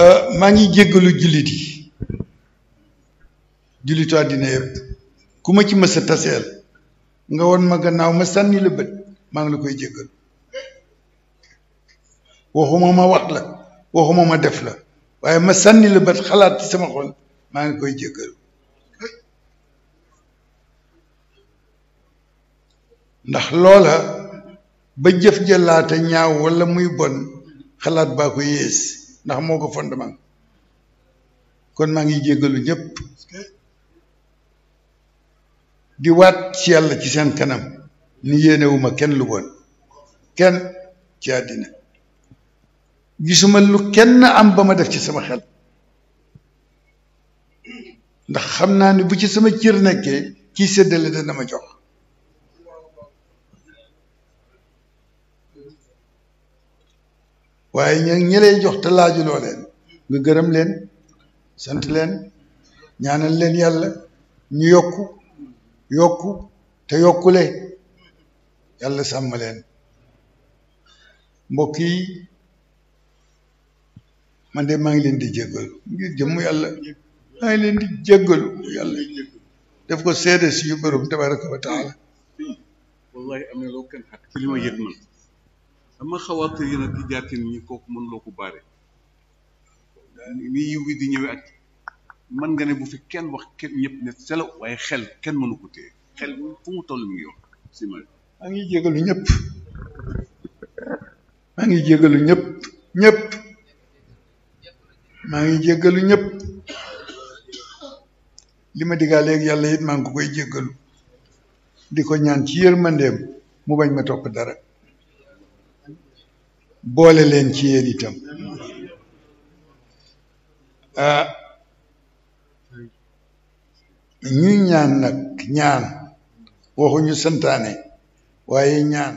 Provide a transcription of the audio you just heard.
Euh, maa ngi jéggalu jullit yi jullitu àddina yëpp ma ci mës taseel nga woon ma gannaaw ma sànni la bët maa ngi la koy jéggalu waxuma ma wax waxuma ma def la waaye ma sànni la bët xalaat sama xol maa ngi koy jéggalu ndax loola ba jëf jëlaata ñaaw walla muy bon xalaat baa ko yées ndax moo ko fondement kon maa ngi jéggalu ñëpp di waat ci yàlla ci seen kanam ni yéenewuma kenn lu bon kenn ci àddina gisuma lu kenn am ba ma def ci sama xel ndax xam naa ni bu ci sama cër nekkee kii séddale na ma jox waaye ña ñi jox te laajuloo nga gërëm leen sant leen ñaanal leen yàlla ñu yokk yokk te yokkule yàlla sàmm leen mbokk yi man de maa ngi leen di jéggalu ngir jëmm yàlla maa ngi leen di jéggalu yàlla def ko seede si yu bërëm tabaraka wa taala wallahi am na loo kenn dama xawaatër yi nag di jaatin ñi kooku mën loo ko baare ni yiw wi di ñëwee ak mën nga ne bu fi kenn wax kenn ñëpp ne selaw waaye xel kenn mënu ko téye xel ngi maa ngi jégalu ñëpp maa ngi jégalu ñëpp maa ngi jégalu ñëpp li ma diggaa léegi yàlla it maa ngi ko koy jégalu di ko ñaan ci yërmandeem mu bañ ma topp dara boole leen ci yéen itam ah ñaan nag ñaan waxuñu santaane waaye ñaan